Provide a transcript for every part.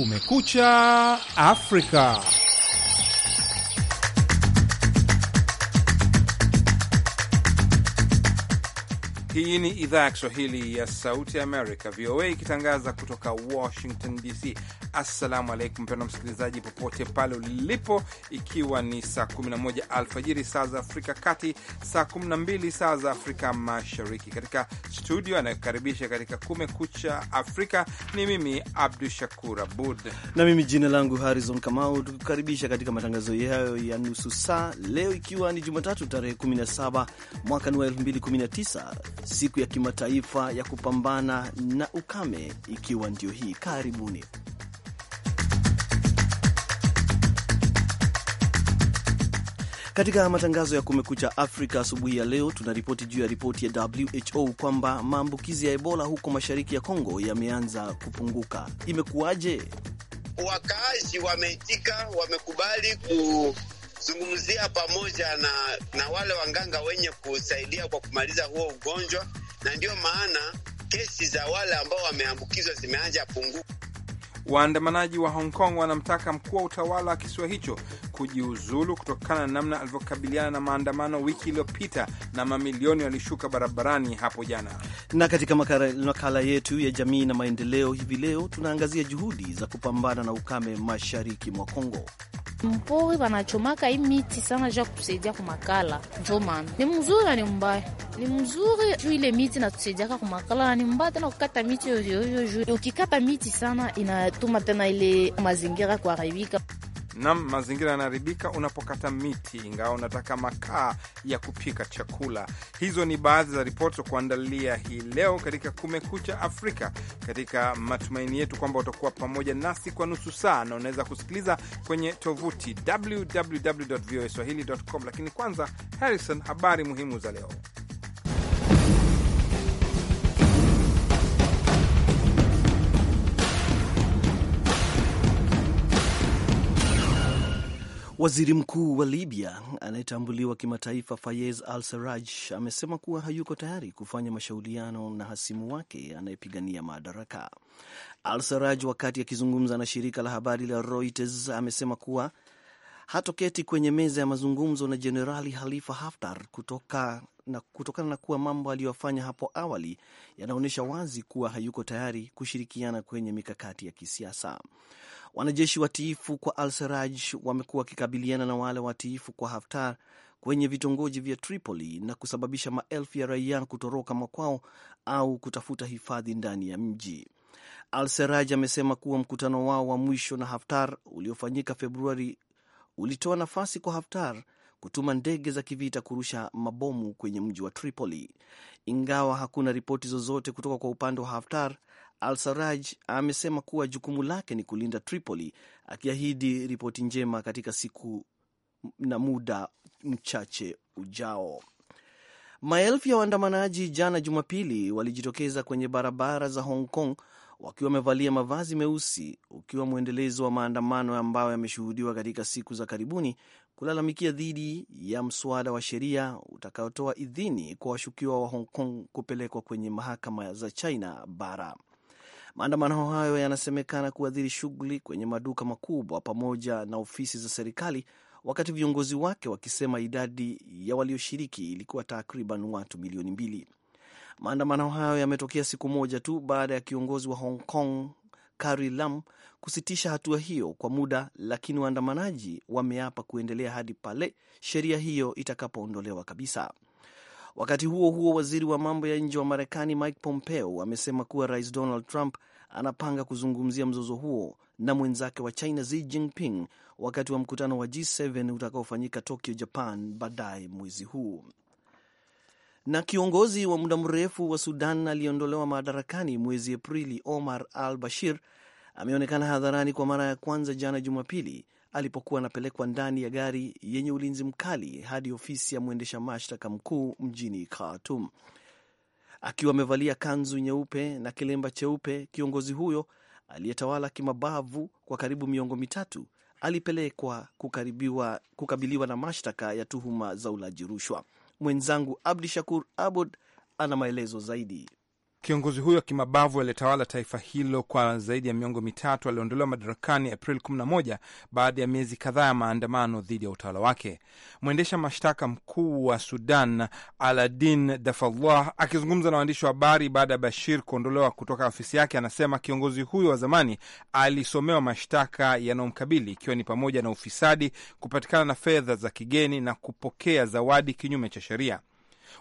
Kumekucha Afrika. Hii ni idhaa ya Kiswahili ya Sauti ya Amerika, VOA, ikitangaza kutoka Washington DC. Assalamu alaikum mpendwa msikilizaji, popote pale ulipo, ikiwa ni saa 11 alfajiri saa za Afrika Kati, saa 12 saa za Afrika Mashariki. Katika studio anayokaribisha katika Kumekucha Afrika ni mimi Abdu Shakur Abud na mimi jina langu Harrison Kamau, tukukaribisha katika matangazo yayo ya nusu saa leo, ikiwa ni Jumatatu tarehe 17 mwaka wa 2019 siku ya kimataifa ya kupambana na ukame ikiwa ndio hii karibuni. Katika matangazo ya Kumekucha Afrika asubuhi ya leo, tunaripoti juu ya ripoti ya WHO kwamba maambukizi ya Ebola huko mashariki ya Kongo yameanza kupunguka. Imekuwaje? Wakaazi wameitika, wamekubali ku kuzungumzia pamoja na, na wale wanganga wenye kusaidia kwa kumaliza huo ugonjwa, na ndiyo maana kesi za wale ambao wameambukizwa zimeanza pungu Waandamanaji wa Hong Kong wanamtaka mkuu wa utawala wa kisiwa hicho kujiuzulu kutokana na namna alivyokabiliana na maandamano wiki iliyopita, na mamilioni walishuka barabarani hapo jana. Na katika makala yetu ya jamii na maendeleo hivi leo tunaangazia juhudi za kupambana na ukame mashariki mwa Kongo. Mpori wanachomaka hii miti sana ja kutusaidia kumakala, njo maana ni mzuri na ni mbaya. Ni mzuri juu ile miti natusaidiaka kumakala, na ni mbaya tena kukata miti yoyoyo. juu ukikata miti sana inatuma tena ile mazingira kuharibika. Nam, mazingira yanaharibika unapokata miti, ingawa unataka makaa ya kupika chakula. Hizo ni baadhi za ripoti za kuandalia hii leo katika Kumekucha Afrika, katika matumaini yetu kwamba utakuwa pamoja nasi kwa nusu saa, na unaweza kusikiliza kwenye tovuti www voa swahili com. Lakini kwanza, Harrison, habari muhimu za leo. Waziri mkuu wa Libya anayetambuliwa kimataifa Fayez Al Saraj amesema kuwa hayuko tayari kufanya mashauriano na hasimu wake anayepigania madaraka. Al Saraj, wakati akizungumza na shirika la habari la Reuters, amesema kuwa hatoketi kwenye meza ya mazungumzo na Jenerali Halifa Haftar kutoka na kutokana na kuwa mambo aliyofanya hapo awali yanaonyesha wazi kuwa hayuko tayari kushirikiana kwenye mikakati ya kisiasa. Wanajeshi watiifu kwa al-Saraj wamekuwa wakikabiliana na wale watiifu kwa Haftar kwenye vitongoji vya Tripoli na kusababisha maelfu ya raia kutoroka makwao au kutafuta hifadhi ndani ya mji. Al-Seraj amesema kuwa mkutano wao wa mwisho na Haftar uliofanyika Februari ulitoa nafasi kwa Haftar kutuma ndege za kivita kurusha mabomu kwenye mji wa Tripoli. Ingawa hakuna ripoti zozote kutoka kwa upande wa Haftar, al Saraj amesema kuwa jukumu lake ni kulinda Tripoli, akiahidi ripoti njema katika siku na muda mchache ujao. Maelfu ya waandamanaji jana Jumapili walijitokeza kwenye barabara za Hong Kong wakiwa wamevalia mavazi meusi, ukiwa mwendelezo wa maandamano ambayo yameshuhudiwa katika siku za karibuni kulalamikia dhidi ya mswada wa sheria utakaotoa idhini kwa washukiwa wa Hong Kong kupelekwa kwenye mahakama za China bara. Maandamano hayo yanasemekana kuathiri shughuli kwenye maduka makubwa pamoja na ofisi za serikali, wakati viongozi wake wakisema idadi ya walioshiriki ilikuwa takriban watu milioni mbili. Maandamano hayo yametokea siku moja tu baada ya kiongozi wa Hong Kong Carrie Lam kusitisha hatua hiyo kwa muda, lakini waandamanaji wameapa kuendelea hadi pale sheria hiyo itakapoondolewa kabisa. Wakati huo huo, waziri wa mambo ya nje wa Marekani Mike Pompeo amesema kuwa rais Donald Trump anapanga kuzungumzia mzozo huo na mwenzake wa China Xi Jinping wakati wa mkutano wa G7 utakaofanyika Tokyo, Japan, baadaye mwezi huu. Na kiongozi wa muda mrefu wa Sudan aliyeondolewa madarakani mwezi Aprili, Omar al Bashir, ameonekana hadharani kwa mara ya kwanza jana Jumapili alipokuwa anapelekwa ndani ya gari yenye ulinzi mkali hadi ofisi ya mwendesha mashtaka mkuu mjini Khartoum. Akiwa amevalia kanzu nyeupe na kilemba cheupe, kiongozi huyo aliyetawala kimabavu kwa karibu miongo mitatu alipelekwa kukaribiwa, kukabiliwa na mashtaka ya tuhuma za ulaji rushwa. Mwenzangu Abdi Shakur Abud ana maelezo zaidi. Kiongozi huyo wa kimabavu aliyetawala taifa hilo kwa zaidi ya miongo mitatu aliondolewa madarakani Aprili 11 baada ya miezi kadhaa ya maandamano dhidi ya utawala wake. Mwendesha mashtaka mkuu wa Sudan Aladin Dafallah akizungumza na waandishi wa habari baada ya Bashir kuondolewa kutoka ofisi yake, anasema kiongozi huyo wa zamani alisomewa mashtaka yanayomkabili ikiwa ni pamoja na ufisadi, kupatikana na fedha za kigeni na kupokea zawadi kinyume cha sheria.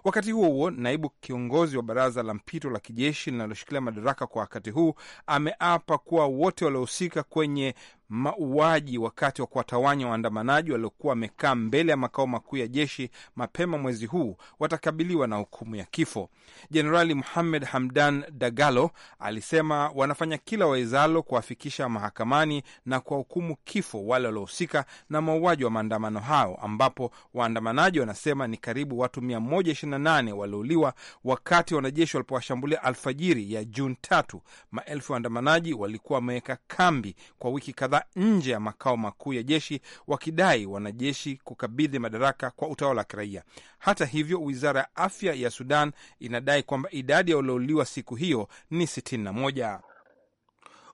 Wakati huo huo, naibu kiongozi wa baraza la mpito la kijeshi linaloshikilia madaraka kwa wakati huu ameapa kuwa wote waliohusika kwenye mauaji wakati wa kuwatawanya waandamanaji waliokuwa wamekaa mbele ya makao makuu ya jeshi mapema mwezi huu watakabiliwa na hukumu ya kifo. Jenerali Muhamed Hamdan Dagalo alisema wanafanya kila wawezalo kuwafikisha mahakamani na kuwahukumu kifo wale waliohusika na mauaji wa maandamano hayo, ambapo waandamanaji wanasema ni karibu watu 128 waliouliwa wakati wanajeshi walipowashambulia alfajiri ya Juni tatu. Maelfu ya waandamanaji walikuwa wameweka kambi kwa wiki kadhaa nje ya makao makuu ya jeshi wakidai wanajeshi kukabidhi madaraka kwa utawala wa kiraia. Hata hivyo, wizara ya afya ya Sudan inadai kwamba idadi ya waliouliwa siku hiyo ni 61.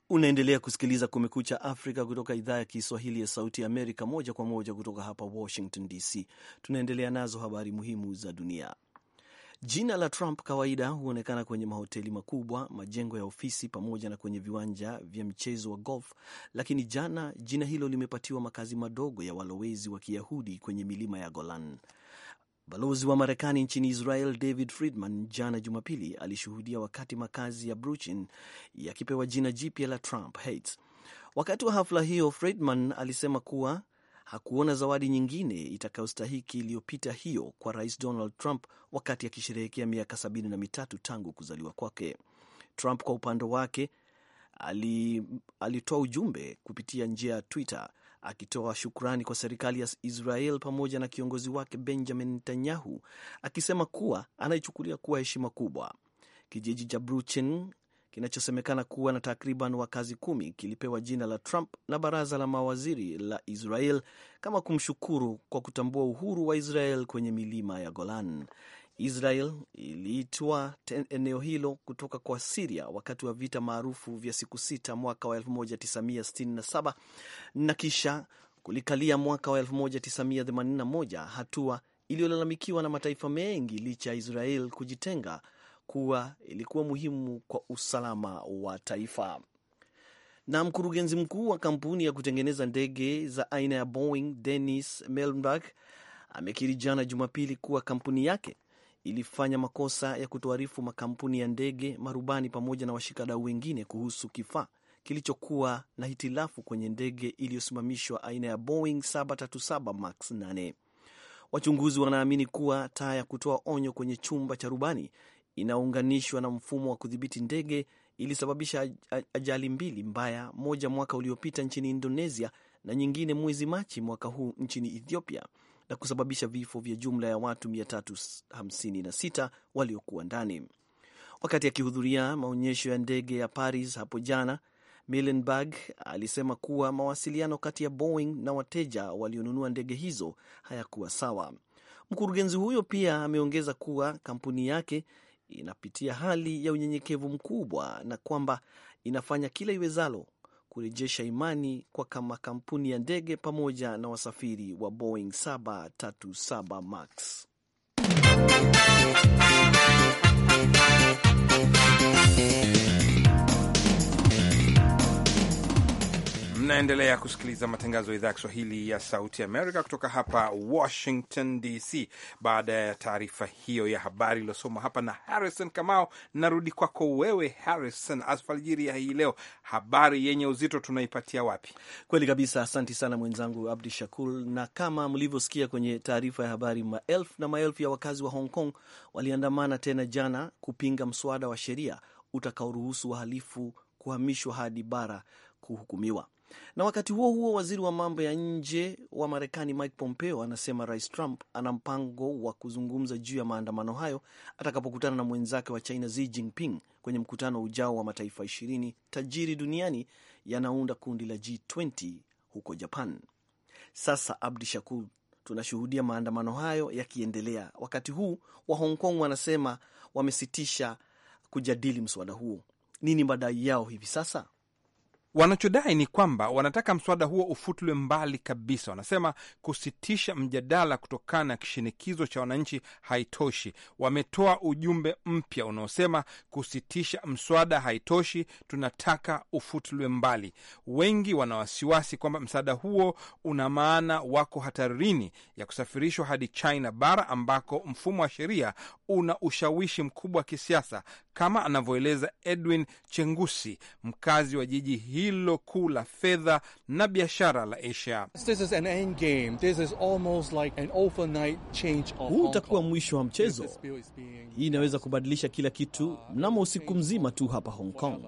Unaendelea kusikiliza Kumekucha Afrika kutoka idhaa ya Kiswahili ya Sauti ya Amerika, moja kwa moja kutoka hapa Washington DC. Tunaendelea nazo habari muhimu za dunia. Jina la Trump kawaida huonekana kwenye mahoteli makubwa, majengo ya ofisi, pamoja na kwenye viwanja vya mchezo wa golf, lakini jana jina hilo limepatiwa makazi madogo ya walowezi wa Kiyahudi kwenye milima ya Golan. Balozi wa Marekani nchini Israel David Friedman jana Jumapili alishuhudia wakati makazi ya Bruchin yakipewa jina jipya la Trump Heights. Wakati wa hafla hiyo, Friedman alisema kuwa hakuona zawadi nyingine itakayostahiki iliyopita hiyo kwa Rais Donald Trump wakati akisherehekea miaka sabini na mitatu tangu kuzaliwa kwake. Trump kwa upande wake alitoa ujumbe kupitia njia ya Twitter akitoa shukrani kwa serikali ya Israel pamoja na kiongozi wake Benjamin Netanyahu akisema kuwa anaichukulia kuwa heshima kubwa. Kijiji cha Bruchen kinachosemekana kuwa na takriban wakazi kumi kilipewa jina la Trump na baraza la mawaziri la Israel kama kumshukuru kwa kutambua uhuru wa Israel kwenye milima ya Golan. Israel iliitwa eneo hilo kutoka kwa Siria wakati wa vita maarufu vya siku sita mwaka wa 1967 na kisha kulikalia mwaka wa 1981, hatua iliyolalamikiwa na mataifa mengi licha ya Israel kujitenga kuwa ilikuwa muhimu kwa usalama wa taifa. Na mkurugenzi mkuu wa kampuni ya kutengeneza ndege za aina ya Boeing Dennis Melberg amekiri jana Jumapili kuwa kampuni yake ilifanya makosa ya kutoarifu makampuni ya ndege, marubani pamoja na washikadau wengine kuhusu kifaa kilichokuwa na hitilafu kwenye ndege iliyosimamishwa aina ya Boeing 737 Max 8. Wachunguzi wanaamini kuwa taa ya kutoa onyo kwenye chumba cha rubani inaunganishwa na mfumo wa kudhibiti ndege ilisababisha ajali mbili mbaya, moja mwaka uliopita nchini Indonesia na nyingine mwezi Machi mwaka huu nchini Ethiopia na kusababisha vifo vya jumla ya watu 356 waliokuwa ndani. Wakati akihudhuria maonyesho ya ndege ya Paris hapo jana, Milenburg alisema kuwa mawasiliano kati ya Boeing na wateja walionunua ndege hizo hayakuwa sawa. Mkurugenzi huyo pia ameongeza kuwa kampuni yake inapitia hali ya unyenyekevu mkubwa na kwamba inafanya kila iwezalo kurejesha imani kwa kama kampuni ya ndege pamoja na wasafiri wa Boeing 737 Max. Mnaendelea kusikiliza matangazo ya idhaa ya Kiswahili ya Sauti Amerika kutoka hapa Washington DC. Baada ya taarifa hiyo ya habari iliyosoma hapa na Harrison Kamao, narudi kwako wewe Harrison. Asfaljiri ya hii leo, habari yenye uzito tunaipatia wapi? Kweli kabisa, asanti sana mwenzangu Abdi Shakur. Na kama mlivyosikia kwenye taarifa ya habari, maelfu na maelfu ya wakazi wa Hong Kong waliandamana tena jana kupinga mswada wa sheria utakaoruhusu wahalifu kuhamishwa hadi bara kuhukumiwa. Na wakati huo huo, waziri wa mambo ya nje wa Marekani Mike Pompeo anasema Rais Trump ana mpango wa kuzungumza juu ya maandamano hayo atakapokutana na mwenzake wa China Xi Jinping kwenye mkutano ujao wa mataifa ishirini tajiri duniani yanaunda kundi la G20 huko Japan. Sasa Abdi Shakur, tunashuhudia maandamano hayo yakiendelea, wakati huu wa Hong Kong wanasema wamesitisha kujadili mswada huo. Nini madai yao hivi sasa? Wanachodai ni kwamba wanataka mswada huo ufutulwe mbali kabisa. Wanasema kusitisha mjadala kutokana na kishinikizo cha wananchi haitoshi. Wametoa ujumbe mpya unaosema kusitisha mswada haitoshi, tunataka ufutulwe mbali. Wengi wana wasiwasi kwamba msaada huo una maana wako hatarini ya kusafirishwa hadi China bara ambako mfumo wa sheria una ushawishi mkubwa wa kisiasa kama anavyoeleza Edwin Chengusi, mkazi wa jiji hilo kuu la fedha na biashara la Asia. Huu utakuwa mwisho wa mchezo. Hii inaweza kubadilisha kila kitu mnamo usiku mzima tu hapa Hong Kong.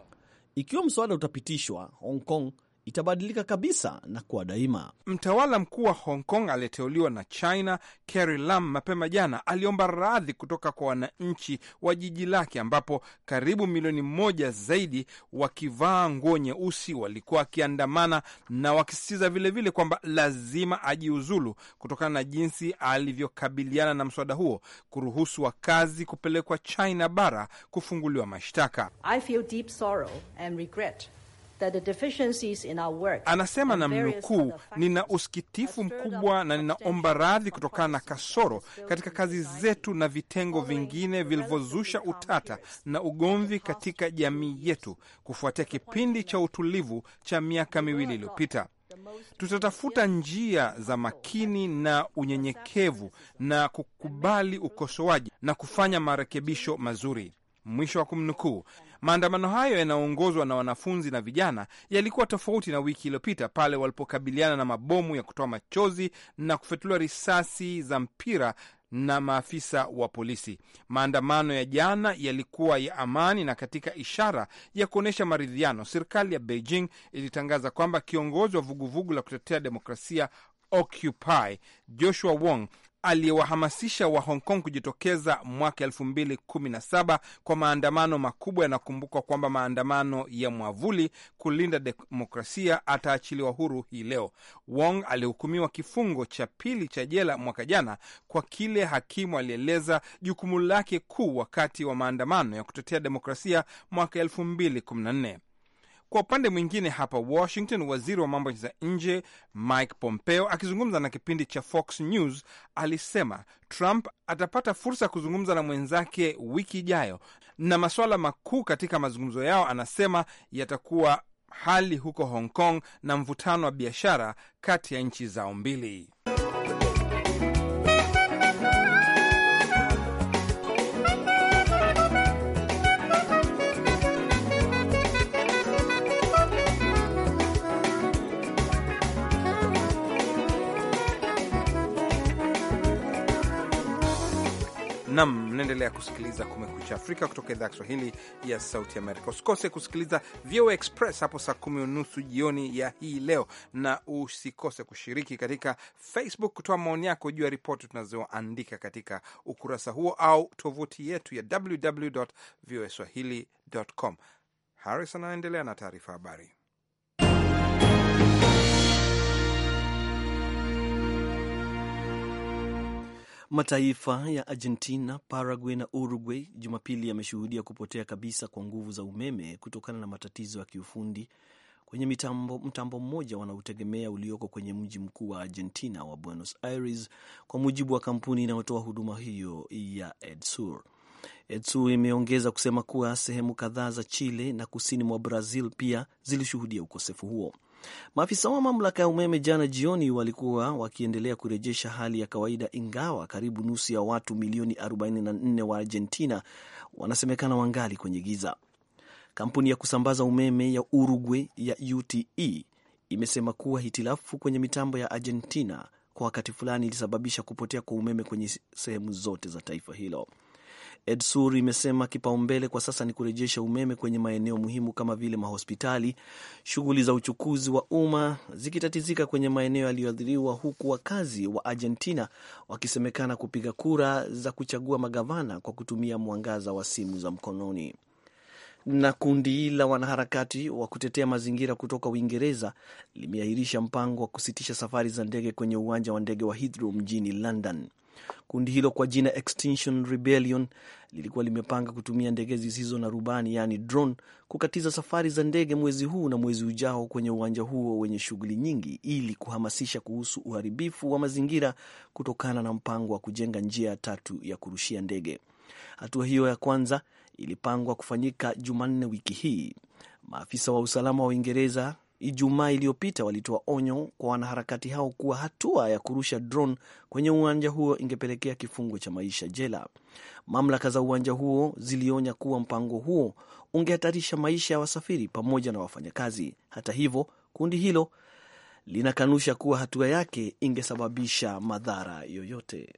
Ikiwa mswada utapitishwa, Hong Kong itabadilika kabisa na kuwa daima. Mtawala mkuu wa Hong Kong aliyeteuliwa na China Carrie Lam mapema jana aliomba radhi kutoka kwa wananchi wa jiji lake, ambapo karibu milioni moja zaidi wakivaa nguo nyeusi walikuwa wakiandamana na wakisisitiza vilevile kwamba lazima ajiuzulu kutokana na jinsi alivyokabiliana na mswada huo kuruhusu wakazi kupelekwa China bara kufunguliwa mashtaka. I feel deep sorrow and regret Anasema na mnukuu, nina usikitifu mkubwa na ninaomba radhi kutokana na kasoro katika kazi zetu na vitengo vingine vilivyozusha utata na ugomvi katika jamii yetu kufuatia kipindi cha utulivu cha miaka miwili iliyopita. Tutatafuta njia za makini na unyenyekevu na kukubali ukosoaji na kufanya marekebisho mazuri. Mwisho wa kumnukuu. Maandamano hayo yanayoongozwa na wanafunzi na vijana yalikuwa tofauti na wiki iliyopita pale walipokabiliana na mabomu ya kutoa machozi na kufyatuliwa risasi za mpira na maafisa wa polisi. Maandamano ya jana yalikuwa ya amani, na katika ishara ya kuonyesha maridhiano, serikali ya Beijing ilitangaza kwamba kiongozi wa vuguvugu la kutetea demokrasia Occupy Joshua Wong aliyewahamasisha wa Hong Kong kujitokeza mwaka 2017 kwa maandamano makubwa. Yanakumbukwa kwamba maandamano ya mwavuli kulinda demokrasia ataachiliwa huru hii leo. Wong alihukumiwa kifungo cha pili cha jela mwaka jana kwa kile hakimu alieleza jukumu lake kuu wakati wa maandamano ya kutetea demokrasia mwaka 2014. Kwa upande mwingine, hapa Washington, waziri wa mambo za nje Mike Pompeo akizungumza na kipindi cha Fox News alisema Trump atapata fursa ya kuzungumza na mwenzake wiki ijayo, na masuala makuu katika mazungumzo yao anasema yatakuwa hali huko Hong Kong na mvutano wa biashara kati ya nchi zao mbili. Nam, mnaendelea kusikiliza Kumekucha Afrika kutoka idhaa ya Kiswahili ya Sauti Amerika. Usikose kusikiliza VOA Express hapo saa kumi unusu jioni ya hii leo, na usikose kushiriki katika Facebook kutoa maoni yako juu ya ripoti tunazoandika katika ukurasa huo au tovuti yetu ya www voa swahili com. Harrison anaendelea na taarifa habari. Mataifa ya Argentina, Paraguay na Uruguay Jumapili yameshuhudia kupotea kabisa kwa nguvu za umeme kutokana na matatizo ya kiufundi kwenye mitambo, mtambo mmoja wanaotegemea ulioko kwenye mji mkuu wa Argentina wa Buenos Aires, kwa mujibu wa kampuni inayotoa huduma hiyo ya Edsur. Edsur imeongeza kusema kuwa sehemu kadhaa za Chile na kusini mwa Brazil pia zilishuhudia ukosefu huo. Maafisa wa mamlaka ya umeme jana jioni walikuwa wakiendelea kurejesha hali ya kawaida, ingawa karibu nusu ya watu milioni 44 wa Argentina wanasemekana wangali kwenye giza. Kampuni ya kusambaza umeme ya Uruguay ya UTE imesema kuwa hitilafu kwenye mitambo ya Argentina kwa wakati fulani ilisababisha kupotea kwa umeme kwenye sehemu zote za taifa hilo. EDSUR imesema kipaumbele kwa sasa ni kurejesha umeme kwenye maeneo muhimu kama vile mahospitali, shughuli za uchukuzi wa umma zikitatizika kwenye maeneo yaliyoathiriwa, huku wakazi wa Argentina wakisemekana kupiga kura za kuchagua magavana kwa kutumia mwangaza wa simu za mkononi. Na kundi la wanaharakati wa kutetea mazingira kutoka Uingereza limeahirisha mpango wa kusitisha safari za ndege kwenye uwanja wa ndege wa Heathrow mjini London. Kundi hilo kwa jina Extinction Rebellion lilikuwa limepanga kutumia ndege zisizo na rubani yaani drone kukatiza safari za ndege mwezi huu na mwezi ujao kwenye uwanja huo wenye shughuli nyingi ili kuhamasisha kuhusu uharibifu wa mazingira kutokana na mpango wa kujenga njia tatu ya kurushia ndege. Hatua hiyo ya kwanza ilipangwa kufanyika Jumanne wiki hii. Maafisa wa usalama wa Uingereza Ijumaa iliyopita walitoa onyo kwa wanaharakati hao kuwa hatua ya kurusha drone kwenye uwanja huo ingepelekea kifungo cha maisha jela. Mamlaka za uwanja huo zilionya kuwa mpango huo ungehatarisha maisha ya wasafiri pamoja na wafanyakazi. Hata hivyo, kundi hilo linakanusha kuwa hatua yake ingesababisha madhara yoyote.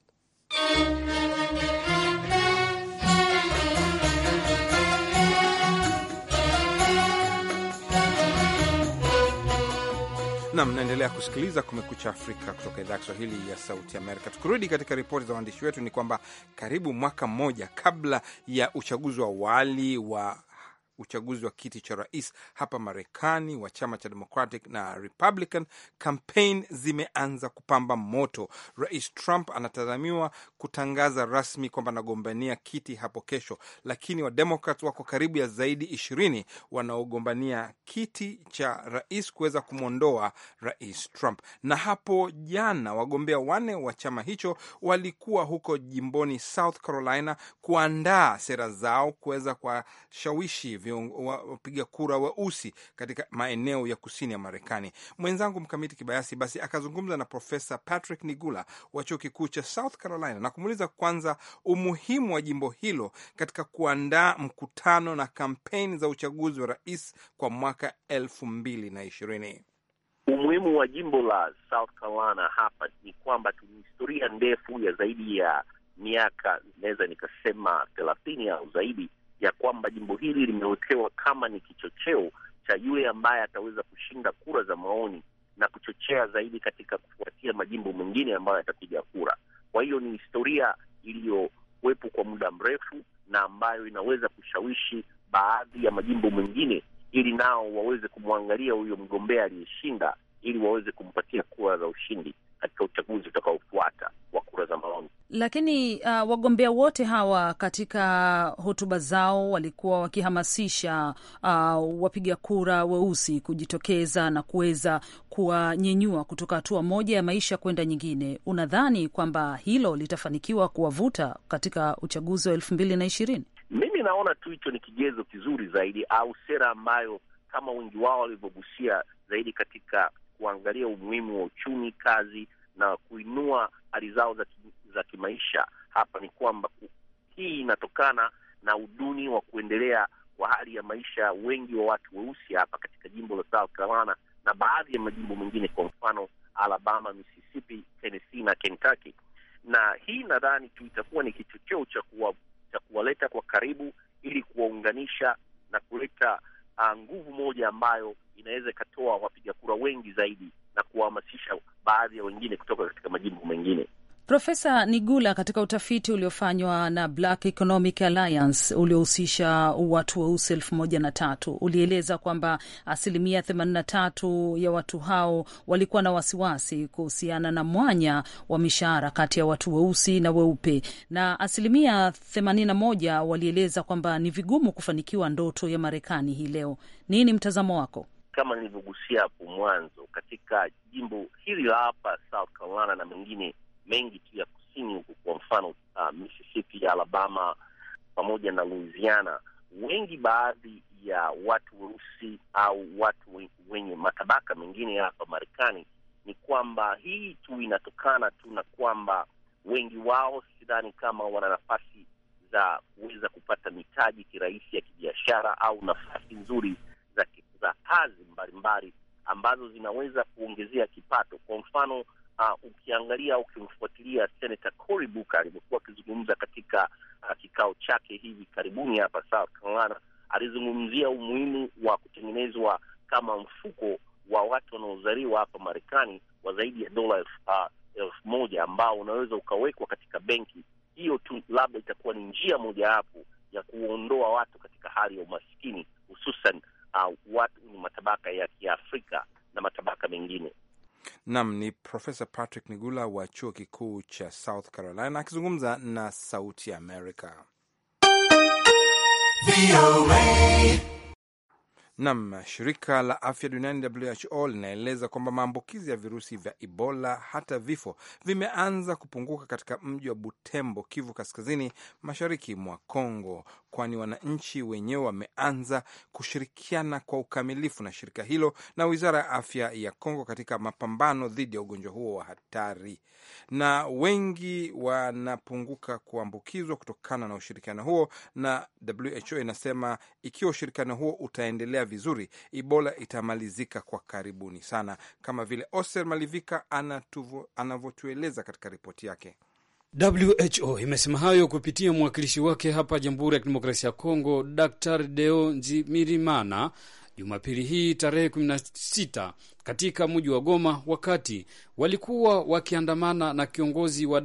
na mnaendelea kusikiliza Kumekucha Afrika kutoka idhaa ya Kiswahili ya Sauti Amerika. Tukirudi katika ripoti za waandishi wetu, ni kwamba karibu mwaka mmoja kabla ya uchaguzi wa awali wa uchaguzi wa kiti cha rais hapa Marekani wa chama cha Democratic na Republican, campaign zimeanza kupamba moto. Rais Trump anatazamiwa kutangaza rasmi kwamba anagombania kiti hapo kesho, lakini Wademokrat wako karibu ya zaidi ishirini wanaogombania kiti cha rais kuweza kumwondoa rais Trump. Na hapo jana wagombea wane wa chama hicho walikuwa huko jimboni South Carolina kuandaa sera zao kuweza kuwashawishi wapiga kura weusi katika maeneo ya kusini ya Marekani. Mwenzangu Mkamiti Kibayasi basi akazungumza na Profesa Patrick Nigula wa chuo kikuu cha South Carolina na kumuuliza kwanza umuhimu wa jimbo hilo katika kuandaa mkutano na kampeni za uchaguzi wa rais kwa mwaka elfu mbili na ishirini. Umuhimu wa jimbo la South Carolina hapa ni kwamba tuna historia ndefu ya zaidi ya miaka naweza nikasema thelathini au zaidi ya kwamba jimbo hili limewekewa kama ni kichocheo cha yule ambaye ataweza kushinda kura za maoni na kuchochea zaidi katika kufuatia majimbo mengine ambayo yatapiga kura. Kwa hiyo ni historia iliyowepo kwa muda mrefu na ambayo inaweza kushawishi baadhi ya majimbo mengine ili nao waweze kumwangalia huyo mgombea aliyeshinda ili waweze kumpatia kura za ushindi katika uchaguzi utakaofuata wa kura za maoni. Lakini uh, wagombea wote hawa katika hotuba zao walikuwa wakihamasisha uh, wapiga kura weusi kujitokeza na kuweza kuwanyenyua kutoka hatua moja ya maisha kwenda nyingine. Unadhani kwamba hilo litafanikiwa kuwavuta katika uchaguzi wa elfu mbili na ishirini? Mimi naona tu hicho ni kigezo kizuri zaidi au sera ambayo kama wengi wao walivyogusia zaidi katika kuangalia umuhimu wa uchumi kazi na kuinua hali zao za, za kimaisha hapa ni kwamba hii inatokana na uduni wa kuendelea kwa hali ya maisha wengi wa watu weusi hapa katika jimbo la South Carolina na baadhi ya majimbo mengine, kwa mfano Alabama, Mississippi, Tennessee na Kentucky. Na hii nadhani tu itakuwa ni kichocheo cha kuwaleta kwa karibu ili kuwaunganisha na kuleta uh, nguvu moja ambayo inaweza ikatoa wapiga kura wengi zaidi na kuwahamasisha baadhi ya wengine kutoka katika majimbo mengine. Profesa Nigula, katika utafiti uliofanywa na Black Economic Alliance uliohusisha watu weusi elfu moja na tatu ulieleza kwamba asilimia themanini na tatu ya watu hao walikuwa na wasiwasi kuhusiana na mwanya wa mishahara kati ya watu weusi na weupe, na asilimia themanini na moja walieleza kwamba ni vigumu kufanikiwa ndoto ya Marekani hii leo. Nini mtazamo wako? Kama nilivyogusia hapo mwanzo, katika jimbo hili la hapa South Carolina na mengine mengi tu ya kusini huku, kwa mfano uh, Mississippi, Alabama pamoja na Louisiana, wengi baadhi ya watu weusi au watu wenye matabaka mengine hapa Marekani, ni kwamba hii tu inatokana tu na kwamba wengi wao sidhani kama wana nafasi za kuweza kupata mitaji kirahisi ya kibiashara au nafasi nzuri za, za kazi mbalimbali ambazo zinaweza kuongezea kipato. Kwa mfano uh, ukiangalia au ukimfuatilia Senata Cory Booker alivyokuwa akizungumza katika uh, kikao chake hivi karibuni hapa South Carolina, alizungumzia umuhimu wa kutengenezwa kama mfuko wa watu wanaozaliwa hapa Marekani wa zaidi ya dola elfu uh, elfu moja ambao unaweza ukawekwa katika benki hiyo tu, labda itakuwa ni njia mojawapo ya kuondoa watu katika hali ya umaskini, hususan uh, watu wenye matabaka ya Kiafrika na matabaka mengine. Nam ni Profesa Patrick Nigula wa chuo kikuu cha South Carolina akizungumza na Sauti Amerika. Nam, shirika la afya duniani WHO linaeleza kwamba maambukizi ya virusi vya Ebola hata vifo vimeanza kupunguka katika mji wa Butembo, Kivu Kaskazini, mashariki mwa Kongo, kwani wananchi wenyewe wameanza kushirikiana kwa ukamilifu na shirika hilo na wizara ya afya ya Kongo katika mapambano dhidi ya ugonjwa huo wa hatari, na wengi wanapunguka kuambukizwa kutokana na ushirikiano huo, na WHO inasema ikiwa ushirikiano huo utaendelea vizuri, Ebola itamalizika kwa karibuni sana, kama vile Oster Malivika anavyotueleza katika ripoti yake. WHO imesema hayo kupitia mwakilishi wake hapa Jamhuri ya Kidemokrasia ya Kongo, Dr Deo Nzimirimana Jumapili hii tarehe 16 katika mji wa Goma, wakati walikuwa wakiandamana na kiongozi wa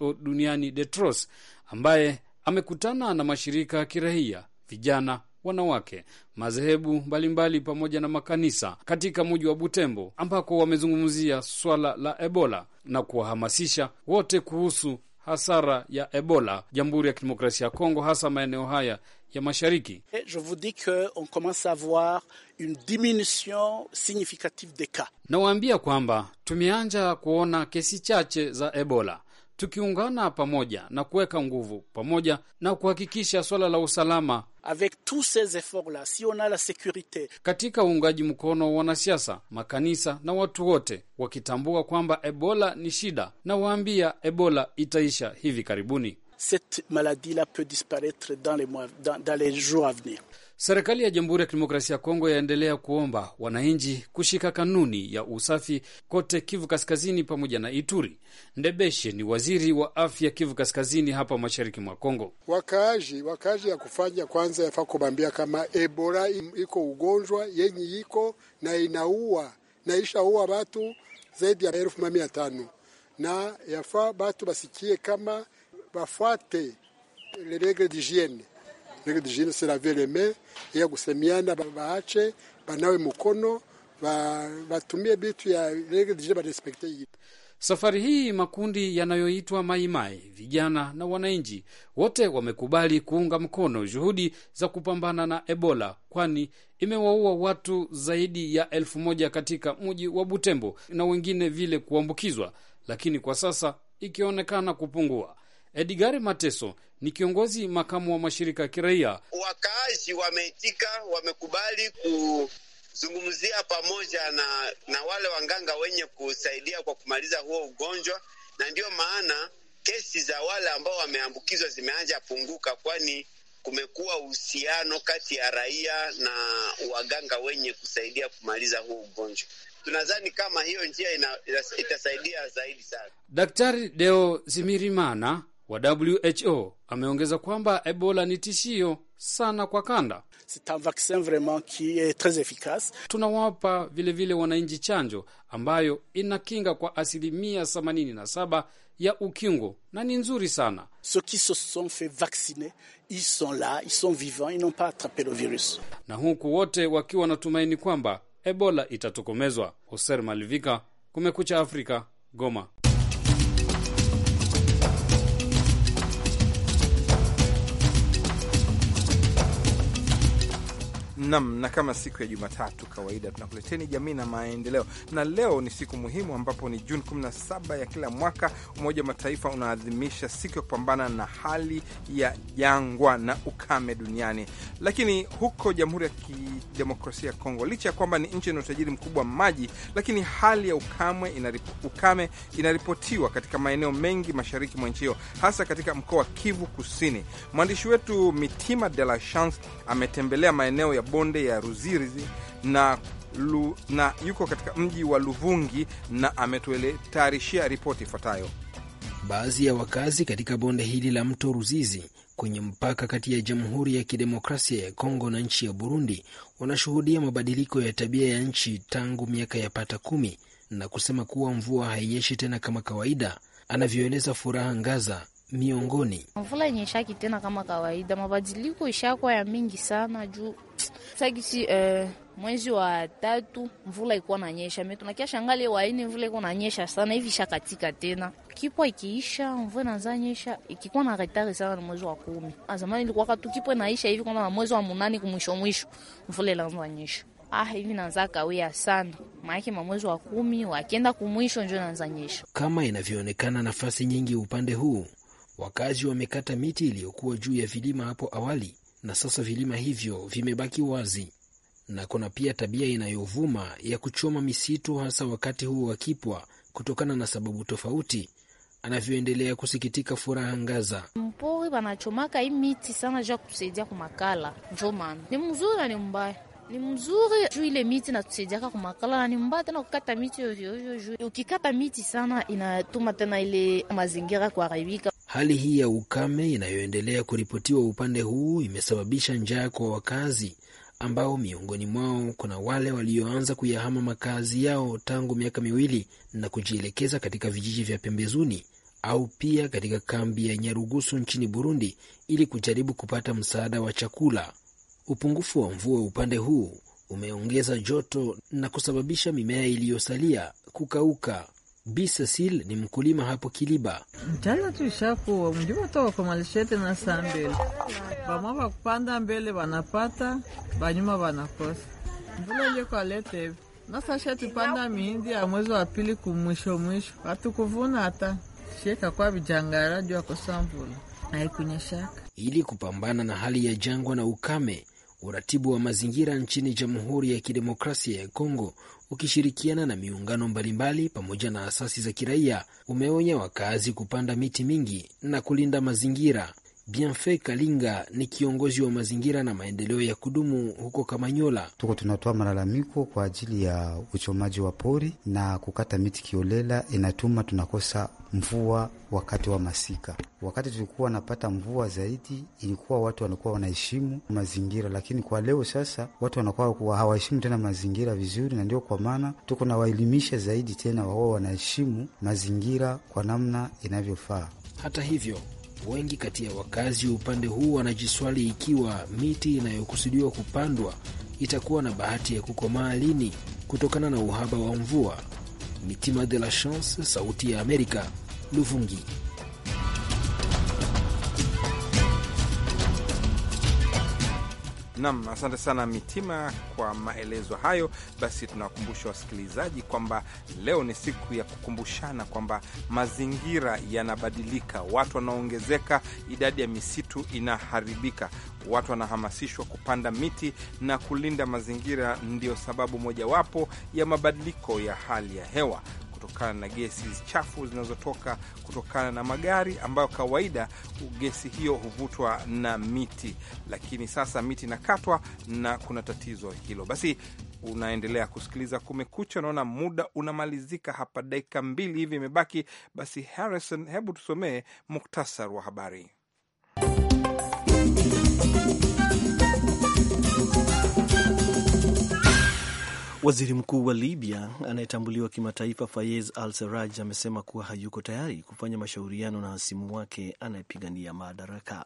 WHO duniani Tedros ambaye amekutana na mashirika ya kiraia, vijana wanawake, madhehebu mbalimbali pamoja na makanisa katika muji wa Butembo, ambako wamezungumzia swala la Ebola na kuwahamasisha wote kuhusu hasara ya Ebola Jamhuri ya Kidemokrasia ya Kongo, hasa maeneo haya ya mashariki. Eh, je vous dis que on commence à voir une diminution significative de cas. Nawaambia kwamba tumeanja kuona kesi chache za Ebola tukiungana pamoja na kuweka nguvu pamoja na kuhakikisha swala la usalama Avec tous ces efforts la, si on a la securite. Katika uungaji mkono wa wanasiasa, makanisa na watu wote wakitambua kwamba Ebola ni shida, na waambia Ebola itaisha hivi karibuni. Cette maladie la peut disparaitre dans les mois, dans, dans les jours à venir. Serikali ya Jamhuri ya Kidemokrasia ya Kongo yaendelea kuomba wananchi kushika kanuni ya usafi kote Kivu Kaskazini pamoja na Ituri. Ndebeshe ni waziri wa afya Kivu Kaskazini hapa mashariki mwa Kongo. Wakaaji wakaaji ya kufanya kwanza yafaa kubambia kama Ebola iko ugonjwa yenye iko na inaua na ishaua watu zaidi ya elfu mia tano na yafaa batu basikie kama bafuate regle dijiene nagende jine se laver ya kusemiana, baache banawe mkono, batumie bitu ya nagende jine barespekte hii. Safari hii makundi yanayoitwa Maimai, vijana na wananchi wote wamekubali kuunga mkono juhudi za kupambana na Ebola, kwani imewaua watu zaidi ya elfu moja katika mji wa Butembo na wengine vile kuambukizwa, lakini kwa sasa ikionekana kupungua edgar Mateso ni kiongozi makamu wa mashirika ya kiraia. Wakaazi wameitika, wamekubali kuzungumzia pamoja na, na wale wanganga wenye kusaidia kwa kumaliza huo ugonjwa, na ndiyo maana kesi za wale ambao wameambukizwa zimeanza punguka, kwani kumekuwa uhusiano kati ya raia na waganga wenye kusaidia kumaliza huo ugonjwa. Tunadhani kama hiyo njia ina, itasaidia zaidi sana. Daktari Deo Zimirimana wa WHO ameongeza kwamba Ebola ni tishio sana kwa kanda. Tunawapa vilevile wananchi chanjo ambayo inakinga kwa asilimia 87 ya ukingo na ni nzuri sana. Na huku wote wakiwa wanatumaini kwamba Ebola itatokomezwa. Hoser Malivika, Kumekucha Afrika, Goma. Nam, na kama siku ya Jumatatu kawaida, tunakuleteni jamii na maendeleo, na leo ni siku muhimu ambapo ni Juni 17 ya kila mwaka. Umoja wa Mataifa unaadhimisha siku ya kupambana na hali ya jangwa na ukame duniani. Lakini huko Jamhuri ya Kidemokrasia ya Kongo, licha ya kwamba ni nchi yenye utajiri mkubwa wa maji, lakini hali ya ukame, inarip, ukame inaripotiwa katika maeneo mengi mashariki mwa nchi hiyo, hasa katika mkoa wa Kivu Kusini. Mwandishi wetu Mitima de la Chance ametembelea maeneo ya bonde ya Ruzizi na, lu, na yuko katika mji wa Luvungi na ametuletarishia ripoti ifuatayo. Baadhi ya wakazi katika bonde hili la mto Ruzizi kwenye mpaka kati ya Jamhuri ya Kidemokrasia ya Kongo na nchi ya Burundi wanashuhudia mabadiliko ya tabia ya nchi tangu miaka ya pata kumi na kusema kuwa mvua hainyeshi tena kama kawaida, anavyoeleza Furaha Ngaza, miongoni. Mvula inyeshaki tena kama kawaida, mabadiliko ishakuwa ya mingi sana juu sakisi eh, mwezi wa tatu mvula ikuwa nanyesha metu nakia shangali waini mvula ikuwa nanyesha sana hivi shakatika tena kipwa ikiisha mvua naanza nyesha ikikuwa na retard sana, na mwezi wa kumi. Azamani ah, ilikuwa katu kipwa naisha hivi na mwezi wa munani kumwisho mwisho mvula inaanza nyesha. Ah, hivi naanza kawia sana maake mwezi wa kumi wakienda kumwisho njo naanza nyesha kama inavyoonekana. Nafasi nyingi upande huu Wakazi wamekata miti iliyokuwa juu ya vilima hapo awali na sasa vilima hivyo vimebaki wazi, na kuna pia tabia inayovuma ya kuchoma misitu hasa wakati huo kipwa, kutokana na sababu tofauti, anavyoendelea kusikitika Furaha Ngaza. Mpori wanachomaka hii miti sana ja kutusaidia kumakala, njo maana ni mzuri na ni mbaya ni mzuri juu ile miti natusaidiaka kumakala, na ni mbaya tena kukata miti ovyoovyo juu ukikata miti sana inatuma tena ile mazingira kuharibika. Hali hii ya ukame inayoendelea kuripotiwa upande huu imesababisha njaa kwa wakazi ambao miongoni mwao kuna wale walioanza kuyahama makazi yao tangu miaka miwili na kujielekeza katika vijiji vya pembezuni au pia katika kambi ya Nyarugusu nchini Burundi ili kujaribu kupata msaada wa chakula. Upungufu wa mvua upande huu umeongeza joto na kusababisha mimea iliyosalia kukauka. Bi Cecile ni mkulima hapo Kiliba. Mchana tuishakuwa mjuma malishete na saa mbele bamwa bakupanda mbele banapata banyuma banakosa mbula na sasa tupanda mihindi ya mwezi wa pili kumwisho mwisho hatukuvuna hata sheka kwa vijangara juu akosa mvula haikunyeshaka. Ili kupambana na hali ya jangwa na ukame Uratibu wa mazingira nchini Jamhuri ya Kidemokrasia ya Kongo ukishirikiana na miungano mbalimbali pamoja na asasi za kiraia umeonya wakazi kupanda miti mingi na kulinda mazingira Bienfait Kalinga ni kiongozi wa mazingira na maendeleo ya kudumu huko Kamanyola. Tuko tunatoa malalamiko kwa ajili ya uchomaji wa pori na kukata miti kiolela, inatuma tunakosa mvua wakati wa masika. Wakati tulikuwa wanapata mvua zaidi, ilikuwa watu wanakuwa wanaheshimu mazingira, lakini kwa leo sasa watu wanakuwa hawaheshimu tena mazingira vizuri, na ndio kwa maana tuko nawaelimisha zaidi tena wao wanaheshimu mazingira kwa namna inavyofaa. Hata hivyo Wengi kati ya wakazi wa upande huu wanajiswali ikiwa miti inayokusudiwa kupandwa itakuwa na bahati ya kukomaa lini kutokana na uhaba wa mvua. Mitima de la Chance, Sauti ya Amerika, Luvungi. Nam, asante sana Mitima kwa maelezo hayo. Basi tunawakumbusha wasikilizaji kwamba leo ni siku ya kukumbushana kwamba mazingira yanabadilika, watu wanaongezeka, idadi ya misitu inaharibika, watu wanahamasishwa kupanda miti na kulinda mazingira. ndio sababu mojawapo ya mabadiliko ya hali ya hewa kutokana na gesi chafu zinazotoka kutokana na magari, ambayo kawaida gesi hiyo huvutwa na miti, lakini sasa miti inakatwa na kuna tatizo hilo. Basi unaendelea kusikiliza Kumekucha. unaona muda unamalizika hapa, dakika mbili hivi imebaki. Basi Harrison, hebu tusomee muktasar wa habari. Waziri mkuu wa Libya anayetambuliwa kimataifa Fayez Al Saraj amesema kuwa hayuko tayari kufanya mashauriano na hasimu wake anayepigania madaraka.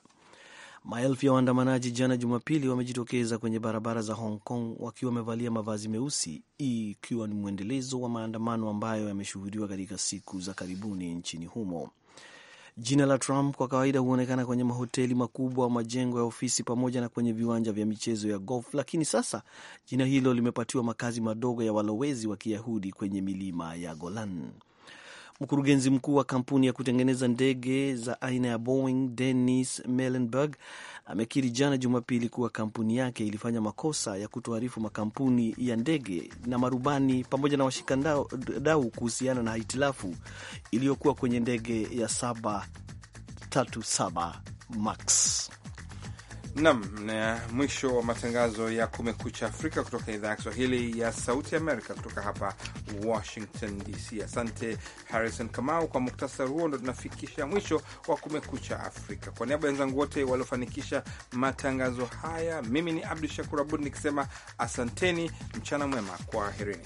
Maelfu ya waandamanaji jana Jumapili wamejitokeza kwenye barabara za Hong Kong wakiwa wamevalia mavazi meusi, hii ikiwa ni mwendelezo wa maandamano ambayo yameshuhudiwa katika siku za karibuni nchini humo. Jina la Trump kwa kawaida huonekana kwenye mahoteli makubwa, majengo ya ofisi, pamoja na kwenye viwanja vya michezo ya golf, lakini sasa jina hilo limepatiwa makazi madogo ya walowezi wa Kiyahudi kwenye milima ya Golan. Mkurugenzi mkuu wa kampuni ya kutengeneza ndege za aina ya Boeing Dennis Muilenburg amekiri jana Jumapili kuwa kampuni yake ilifanya makosa ya kutoarifu makampuni ya ndege na marubani pamoja na washikadau kuhusiana na hitilafu iliyokuwa kwenye ndege ya 737 Max. Nam na mwisho wa matangazo ya Kumekucha Afrika kutoka idhaa ya Kiswahili ya Sauti Amerika kutoka hapa Washington DC. Asante Harrison Kamau kwa muktasari huo. Ndo tunafikisha mwisho wa Kumekucha Afrika. Kwa niaba ya wenzangu wote waliofanikisha matangazo haya, mimi ni Abdu Shakur Abud nikisema asanteni, mchana mwema, kwaherini.